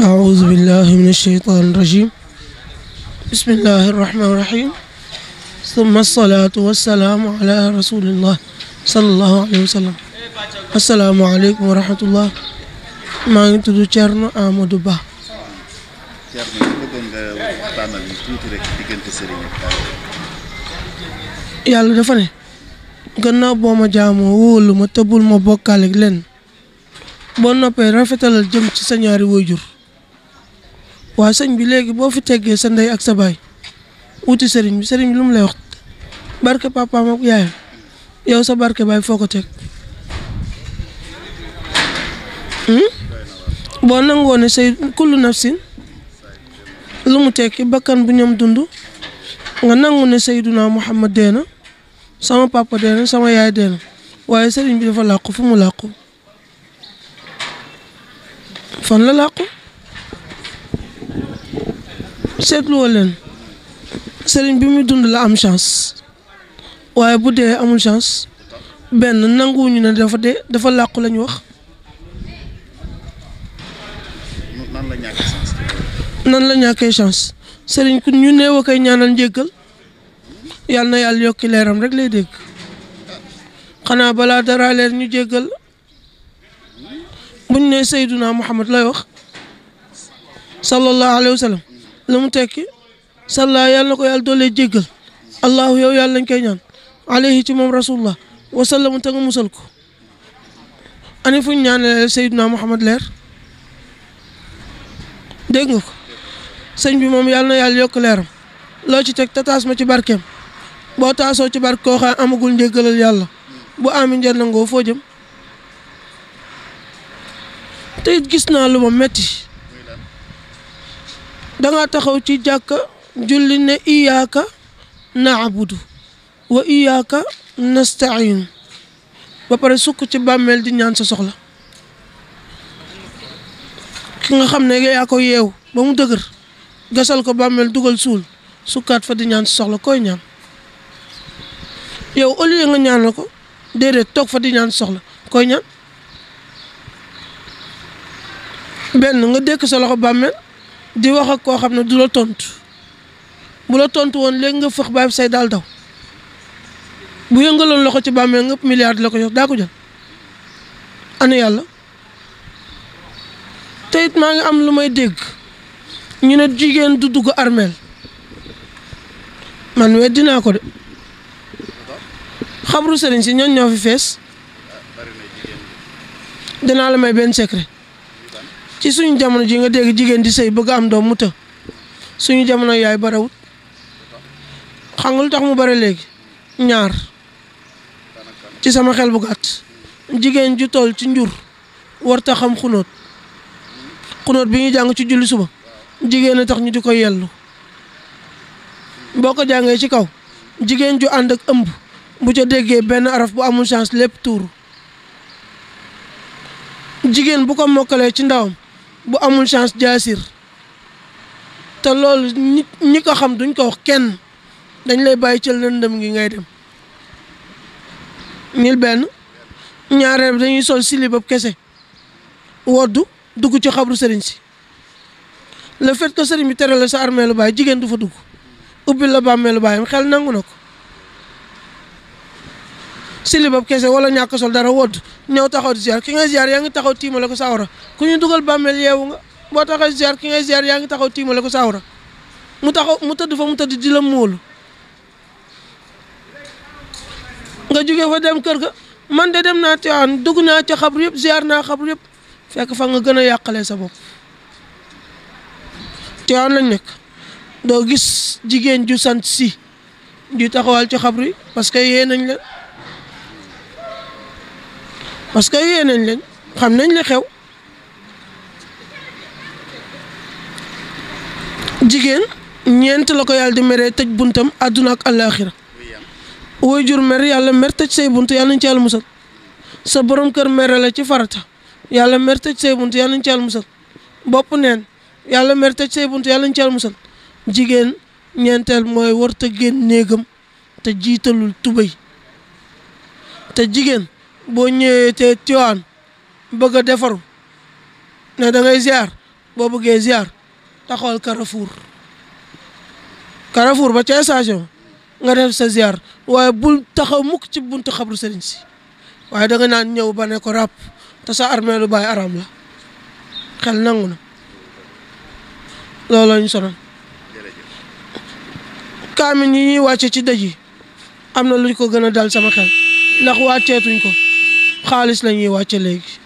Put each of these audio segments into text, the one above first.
أعوذ بالله من الشيطان الرجيم بسم الله الرحمن الرحيم ثم الصلاة والسلام على رسول الله صلى الله عليه وسلم السلام عليكم ورحمة الله ما أنتم تشرنا أمد با يا الله دفني غنا بوما جامو وول ما تبول ما بوكال لين بون نوبي رافتال جيم سنياري ويجور waaw sëñ bi léegi boo fi teggee sa ndey ak sa baay wuti sëriñ bi sëriñ bi lu mu lay wax barke papaam ak yaayam yow sa barke baay foo ko teg hmm? boo nangoo ne say kullu nafsin lu mu tekki bakkan bu ñam dund nga nangu ne Seyduna Muhammad deena sama papa deena sama yaay deena waaye sëriñ bi dafa làqu fu mu làqu fan la làqu seetluwoo leen sëriñ bi muy dund la am chance waaye bu dee amul chance benn nanguwuñu ne dafa dee dafa làqu lañu wax nan la ñàkkee chance sëriñ ku ñu néew a koy ñaanal njéggal yal na yàlla yokki leeram rek lay dégg xanaa balaa dara leer ñu jéggal buñ ne Seyduna Muhammad lay wax sallallahu alayhi wa lu mu tekki salla yàlla na ko yàlla doolee jéggal allahu yow yàlla lañ koy ñaan alayhi ci moom rasulullah wasallam te nga musal ko ani fu ñu ñaanale Seydina Muhammad leer dégg nga ko sëñ bi moom yàlla na yàlla yokk leeram loo ci teg tataas ma ci barkeem boo taasoo ci barke koo xam amagul njéggalal yàlla bu ami njër nangoo foo jëm te it gis naa lu ma metti nga taxaw ci jakk julli ne iyaaka naabudu wa iyyaka nastain ba pare sukk ci bammel di ñaan sa soxla ki nga xamne ne yaa ko yeew ba mu dëgër gasal ko bammel dugal sul sukkat fa di ñaan sa soxla koy ñaan yow au nga ñaan lako dédé tok fa di ñaan soxla koy ñaan ben nga dekk sa loxo bammel di wax ak koo xam ne du la tontu bu la tontu woon léegi nga fëx baay say daal daw bu yëngaloon loxo ci bàmmeel ngëpp milliard la ko jox daa ko jël ana yàlla te maa ngi am lu may dégg ñu ne jigéen du dugg armeel man weddi naa ko de xabru sëriñ si ñoon ñoo fi fees dinaa la may benn secret ci suñu jamono ji nga dégg jigéen di sëy bëgg am doom mu të suñu jamono yaay barewut xam nga lu tax mu bare léegi ñaar ci sama xel bu gàtt jigéen ju toll ci njur warta xam xunóot xunóot bi ñuy jàng ci julli suba jigéen a tax ñu di ko yellu boo ko jàngee ci kaw jigéen ju ànd ak ëmb bu ca déggee benn araf bu amul chance lépp tuuru jigéen bu ko mokkalee ci ndawam bu amul chance jaasir te lool ñi ñi ko xam duñ ko wax kenn dañ lay bàyyi ca lëndëm ngi ngay dem mil benn ñaareel dañuy sol silibab kese woddu dugg ci xabru sëriñ si le fait que sëriñ bi tere la sa armeelu baay jigéen du fa dugg ubbi la bàmmeelu baayam xel nangu na ko silibab kese wala ñak sol dara wod ñëw taxaw di ziar ki nga ziar ya nga taxaw tiimale ko sawra ku ñu duggal bammel yeewu nga bo taxaw ziar ki nga ziar ya nga taxaw tiimale ko sawra mu taxaw mu fa mu di la mool nga jugge fa dem kër ga man de dem naa an dug na ci xabru yeb ziar na xabru yeb fekk fa nga gëna a yàqalee sa bopp tiwaan lañ nek do gis jigen ju sant si di taxawal ci xabru parce que yeenañ la parce que yee nañ xam nañ li xew jigéen ñeent la ko yàlla di meree tëj buntam àdduna ak àllaaxira woy jur mer yàlla mer tëj say bunt yàlla nañ ci yàlla musal sa boroom kër mere la ci farata yàlla mer tëj say bunt yàlla nañ ci yàlla musal yàlla mer tëj say bunt yàlla nañ jigéen ñeenteel mooy war te néegam te jiitalul tubéy te jigéen bo ñëwé té tiwaan bëgg défar né da ngay ziar bo bëggé ziar taxol Carrefour Carrefour ba ci station nga def sa ziar waye bu taxaw mukk ci buntu xabru serigne si waye da nga naan ñëw ba né ko rap ta sa armée lu bay aram la xel nanguna lolo ñu sonal kaamin ñi ñuy ci dëj yi am na lu ko gëna dal sama xel ndax tétuñ ko xaalis la ñuy wàcce léegi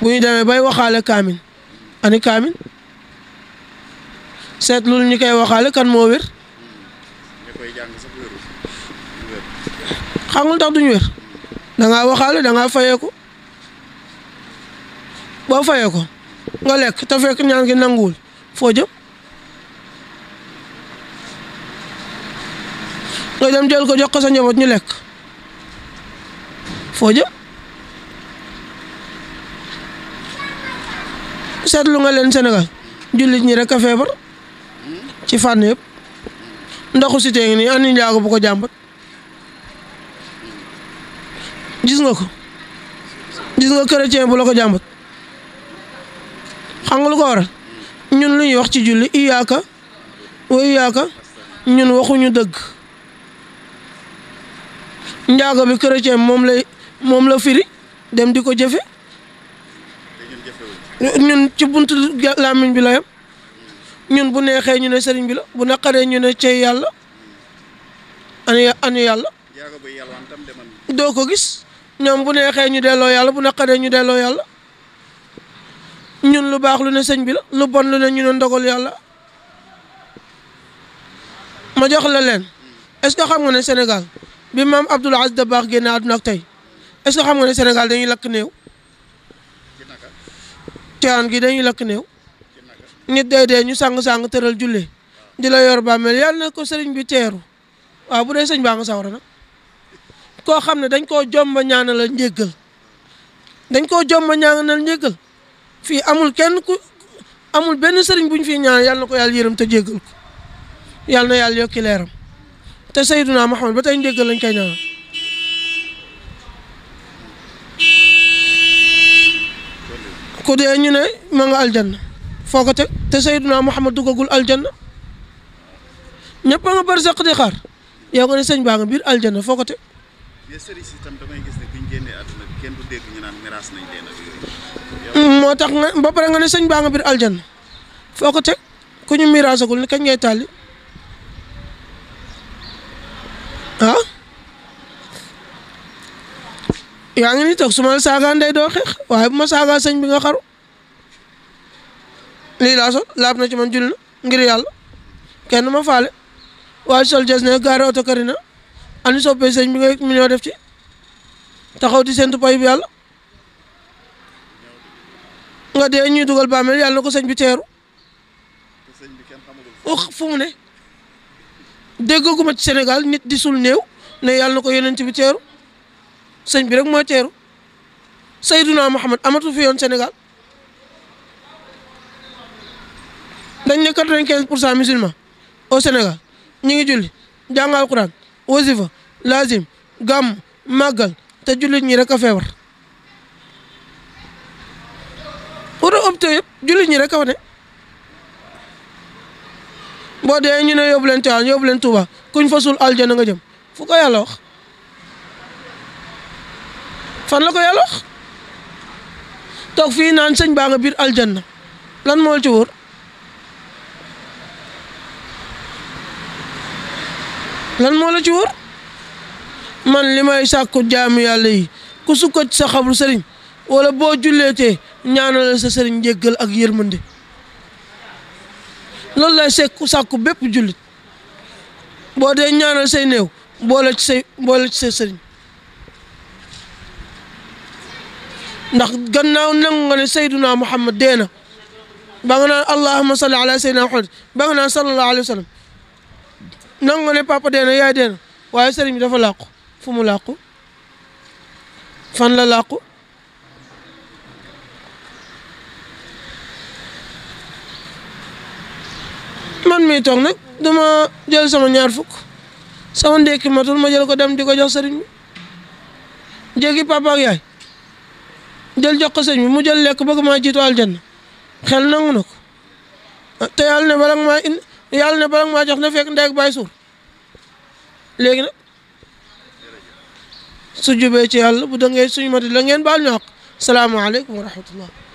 bu ñu demee bay waxaale kaamil ani kaamil seetlu ñu koy waxaale kan moo wér xamul tax duñu wér danga waxaale danga fayee ko boo fayee ko nga lekk te fekk ñaan gi nanguwul foo jëm nga dem jël ko jox ko sa njaboot ñu lekk foo jëm seetlu nga leen senegal jullit ñi rek a feebar ci fànn yëpp ndoxu cité ngi nii ani njaago bu ko jàmbat gis nga ko gis nga chrétien bu la ko jàmbat xam nga lu ko waral ñun lu wax ci julli iyaaka wa iyaaka ñun waxuñu dëgg njaago bi chrétien moom lay mom la firi dem diko ko ñun ci buntu lamiñ bi la yam ñun bu nexé ñu ne sëriñ bi la bu naqaré ñu ne cey yàlla anu ya-, anu yàlla doo ko gis ñom bu nexé ñu délo yalla bu naqaré ñu délo yalla ñun lu baax lu ne sëriñ bi la lu bon lu ne ñu ndogol yalla ma jox la len est ce que xam nga ne Sénégal bi mam Abdoul Aziz bax génn àdduna ak est-ce que xam nga ne Sénégal dañuy lakk néew. caan gi dañuy lakk néew. ñu sàng-sàng tëral julli di la yor bàmmeel yàlla na ko sëriñ bi teeru waaw bu dee sëñ baa nga sawra koo xam ne dañ koo jomba ñaanal njéggal dañ koo jomba ñaanal njéggal fii amul kenn ku amul benn sëriñ bu fi fii ñaan yàlla na ko yàlla yërëm te jéggal ko yàlla na yàlla yokki leeram te Seydunaa Muhammad ba tey njéggal lañ koy ñaanal ko de ñu ne ma nga aljanna foko te te sayyiduna muhammad du gogul aljanna ñepp nga bar sax di xaar yow nga ne señ ba nga bir aljanna foko te ye seri ci tam da ngay gis ne buñ génnee àdduna bi kenn du dégg ñu naan mirage nañ leen ak yooyu mm, moo nga ba pare nga ne señ ba nga bir aljanna foko te ku ñu mirage gul ni kañ ngay tali ah yaa ngi nii toog su ma la day doo xeex waaye bu ma saagaa sëñ bi nga xaru lii sol laab na ci man jul ngir yàlla kenn ma faale waaye sol jes ne gaare oto soppee sëñ bi nga million def ci taxaw di seentu pay bi yàlla nga dee ñuy dugal bàmmeel yàlla na ko sëñ bi teeru fu mu ne déggaguma ci senegal nit di sul néew ne yàlla na ko yeneen ci bi teeru sëñ bi rek mooy teeru Seyduna Muhammad amatu fi yoon Sénégal dañ ne quatre-vingt-quinze pour cent musulmans au Sénégal ñu ngi julli jàng alquran wasifa lazim gàmm màggal te jullit ñi rek a feebar. oto opté yëpp jullit ñi rek a wane boo dee ñu ne yóbbu leen Tiwaawan yóbbu leen Tuuba kuñ fasul aljana nga jëm fu ko yàlla wax. fan la ko yàlla wax toog fii naan sëñ baa nga biir aljanna lan moo ci wóor lan moo la ci wóor man li may sàkku jaamu yàlla yi ku sukko sa xabru sëriñ wala boo julleetee ñaanal sa sëriñ njéggal ak yërmande loolu lay sekku sàkku bépp jullit boo dee ñaanal say néew boole ci ci say sëriñ ndax gannaaw nangu nga ne sayduna muhammad dee na ba nga naan allahuma salli ala saydina muhammad ba nga naan sallallahu alayhi wa sallam nangu nga ne papa dee na yaay waaye sëriñ bi dafa làqu fu mu làqu fan la làqu man mii toog nag dama jël sama ñaar fukk sama ndékki matul ma jël ko dem di ko jox sëriñ bi jéggi papa ak yaay jël jox ko sëñ bi mu jël lekk bëgg maa jiitu aljanna xel nangu ko te yàlla ne balaa maa in yàlla ne balaa maa jox na fekk ndey ak baay suur léegi na su jubee ci yàlla bu da ngay suñu mati la ngeen baal ñu àq salaamaaleykum wa rahmatullah